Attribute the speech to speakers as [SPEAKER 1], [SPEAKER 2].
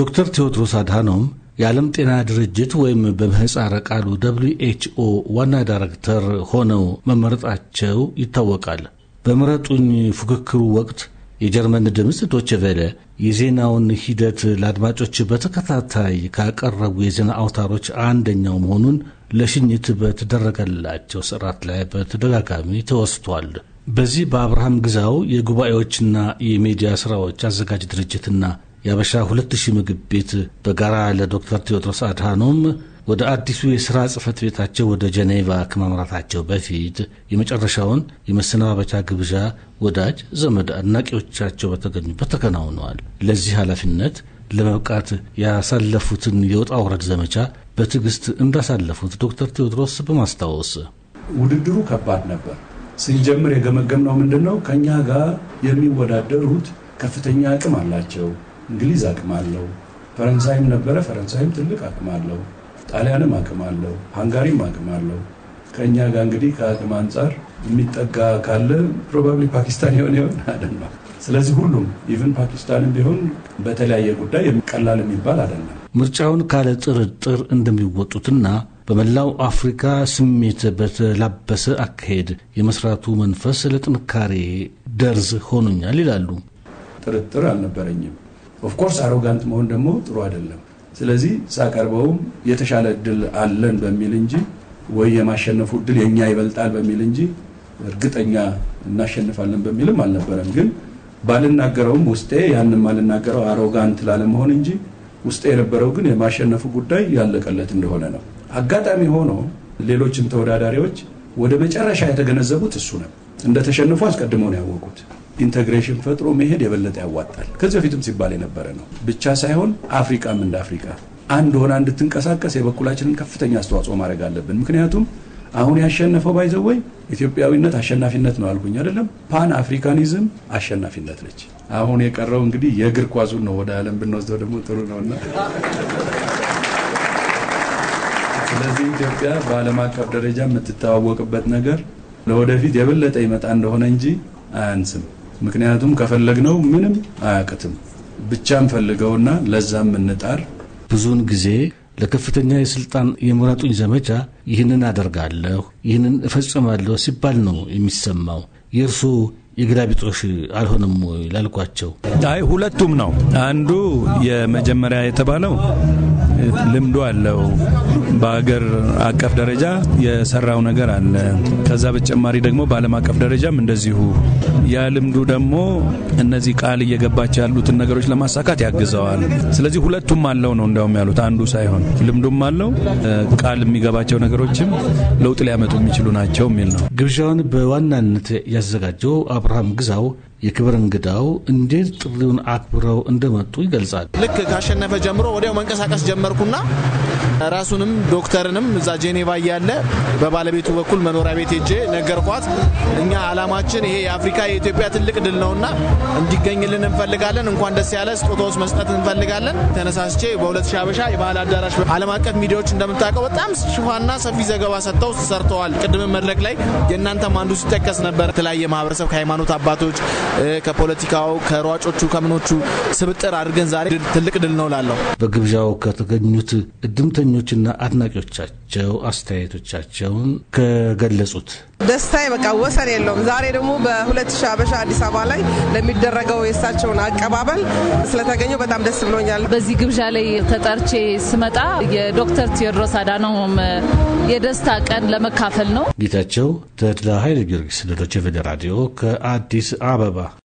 [SPEAKER 1] ዶክተር ቴዎድሮስ አድሃኖም የዓለም ጤና ድርጅት ወይም በምህፃረ ቃሉ ደብሊው ኤችኦ ዋና ዳይሬክተር ሆነው መመረጣቸው ይታወቃል። በምረጡኝ ፉክክሩ ወቅት የጀርመን ድምፅ ዶች ቬለ የዜናውን ሂደት ለአድማጮች በተከታታይ ካቀረቡ የዜና አውታሮች አንደኛው መሆኑን ለሽኝት በተደረገላቸው ስርዓት ላይ በተደጋጋሚ ተወስቷል። በዚህ በአብርሃም ግዛው የጉባኤዎችና የሚዲያ ስራዎች አዘጋጅ ድርጅትና የአበሻ ሁለት ምግብ ቤት በጋራ ለዶክተር ቴዎድሮስ አድሃኖም ወደ አዲሱ የሥራ ጽሕፈት ቤታቸው ወደ ጀኔቫ ከማምራታቸው በፊት የመጨረሻውን የመሰነባበቻ ግብዣ ወዳጅ ዘመድ አድናቂዎቻቸው በተገኙበት ተከናውነዋል። ለዚህ ኃላፊነት ለመብቃት ያሳለፉትን የወጣ ውረድ ዘመቻ በትዕግስት እንዳሳለፉት ዶክተር ቴዎድሮስ
[SPEAKER 2] በማስታወስ ውድድሩ ከባድ ነበር። ስንጀምር የገመገምነው ምንድን ነው? ከእኛ ጋር የሚወዳደሩት ከፍተኛ አቅም አላቸው እንግሊዝ አቅም አለው። ፈረንሳይም ነበረ። ፈረንሳይም ትልቅ አቅም አለው። ጣሊያንም አቅም አለው። ሃንጋሪም አቅም አለው። ከእኛ ጋር እንግዲህ ከአቅም አንጻር የሚጠጋ ካለ ፕሮባብሊ ፓኪስታን የሆነ ይሆን አይደለም። ስለዚህ ሁሉም ኢቨን ፓኪስታንም ቢሆን በተለያየ ጉዳይ ቀላል የሚባል አይደለም።
[SPEAKER 1] ምርጫውን ካለ ጥርጥር እንደሚወጡትና በመላው አፍሪካ ስሜት በተላበሰ አካሄድ የመስራቱ መንፈስ ለጥንካሬ
[SPEAKER 2] ደርዝ ሆኖኛል ይላሉ። ጥርጥር አልነበረኝም። ኦፍኮርስ አሮጋንት መሆን ደግሞ ጥሩ አይደለም። ስለዚህ ሳቀርበውም የተሻለ እድል አለን በሚል እንጂ ወይ የማሸነፉ እድል የእኛ ይበልጣል በሚል እንጂ እርግጠኛ እናሸንፋለን በሚልም አልነበረም። ግን ባልናገረውም ውስጤ ያንም አልናገረው አሮጋንት ላለመሆን እንጂ ውስጤ የነበረው ግን የማሸነፉ ጉዳይ ያለቀለት እንደሆነ ነው። አጋጣሚ ሆኖ ሌሎችም ተወዳዳሪዎች ወደ መጨረሻ የተገነዘቡት እሱ ነው። እንደተሸነፉ አስቀድመው ነው ያወቁት። ኢንተግሬሽን ፈጥሮ መሄድ የበለጠ ያዋጣል። ከዚህ በፊትም ሲባል የነበረ ነው ብቻ ሳይሆን አፍሪቃም እንደ አፍሪቃ አንድ ሆና እንድትንቀሳቀስ የበኩላችንን ከፍተኛ አስተዋጽኦ ማድረግ አለብን። ምክንያቱም አሁን ያሸነፈው ባይዘወይ ኢትዮጵያዊነት አሸናፊነት ነው አልኩኝ አይደለም፣ ፓን አፍሪካኒዝም አሸናፊነት ነች። አሁን የቀረው እንግዲህ የእግር ኳሱን ነው ወደ ዓለም ብንወስደው ደግሞ ጥሩ ነውና ስለዚህ ኢትዮጵያ በዓለም አቀፍ ደረጃ የምትተዋወቅበት ነገር ለወደፊት የበለጠ ይመጣ እንደሆነ እንጂ አያንስም። ምክንያቱም ከፈለግነው ምንም አያቅትም። ብቻም ፈልገውና ለዛም እንጣር። ብዙውን ጊዜ ለከፍተኛ የስልጣን የምረጡኝ ዘመቻ ይህንን
[SPEAKER 1] አደርጋለሁ፣ ይህንን እፈጽማለሁ ሲባል ነው የሚሰማው። የእርሱ የግራ ቢጦሽ አልሆነም ላልኳቸው፣
[SPEAKER 2] አይ ሁለቱም ነው። አንዱ የመጀመሪያ የተባለው ልምዶ አለው። በሀገር አቀፍ ደረጃ የሰራው ነገር አለ። ከዛ በተጨማሪ ደግሞ በዓለም አቀፍ ደረጃም እንደዚሁ ያ ልምዱ ደግሞ እነዚህ ቃል እየገባቸው ያሉትን ነገሮች ለማሳካት ያግዘዋል። ስለዚህ ሁለቱም አለው ነው እንዲያውም ያሉት አንዱ ሳይሆን ልምዱም አለው፣ ቃል የሚገባቸው ነገሮችም ለውጥ ሊያመጡ የሚችሉ ናቸው የሚል ነው። ግብዣውን በዋናነት ያዘጋጀው አብርሃም
[SPEAKER 1] ግዛው የክብር እንግዳው እንዴት ጥሪውን አክብረው እንደመጡ ይገልጻል።
[SPEAKER 3] ልክ ካሸነፈ ጀምሮ ወዲያው መንቀሳቀስ ጀመርኩና ራሱንም ዶክተርንም እዛ ጄኔቫ እያለ በባለቤቱ በኩል መኖሪያ ቤት ሄጄ ነገርኳት። እኛ አላማችን ይሄ የአፍሪካ የኢትዮጵያ ትልቅ ድል ነውና እንዲገኝልን እንፈልጋለን። እንኳን ደስ ያለ ስጦታ መስጠት እንፈልጋለን። ተነሳስቼ በ2000 ሀበሻ የባህል አዳራሽ ዓለም አቀፍ ሚዲያዎች እንደምታውቀው በጣም ሽፋና ሰፊ ዘገባ ሰጥተው ሰርተዋል። ቅድም መድረክ ላይ የእናንተም አንዱ ሲጠቀስ ነበር። የተለያየ ማህበረሰብ ከሃይማኖት አባቶች፣ ከፖለቲካው፣ ከሯጮቹ፣ ከምኖቹ ስብጥር አድርገን ዛሬ ትልቅ ድል ነው ላለው
[SPEAKER 1] በግብዣው ከተገኙት እድም ህመምተኞችና አድናቂዎቻቸው አስተያየቶቻቸውን ከገለጹት ደስታ በቃ ወሰን የለውም። ዛሬ ደግሞ በሁለት ሺህ አበሻ አዲስ አበባ ላይ ለሚደረገው የእሳቸውን አቀባበል ስለተገኘ በጣም ደስ ብሎኛል። በዚህ ግብዣ ላይ ተጠርቼ ስመጣ የዶክተር ቴዎድሮስ አዳነውም የደስታ ቀን ለመካፈል ነው። ጌታቸው ተድላ ኃይለ ጊዮርጊስ ለዶይቼ ቬለ ራዲዮ ከአዲስ አበባ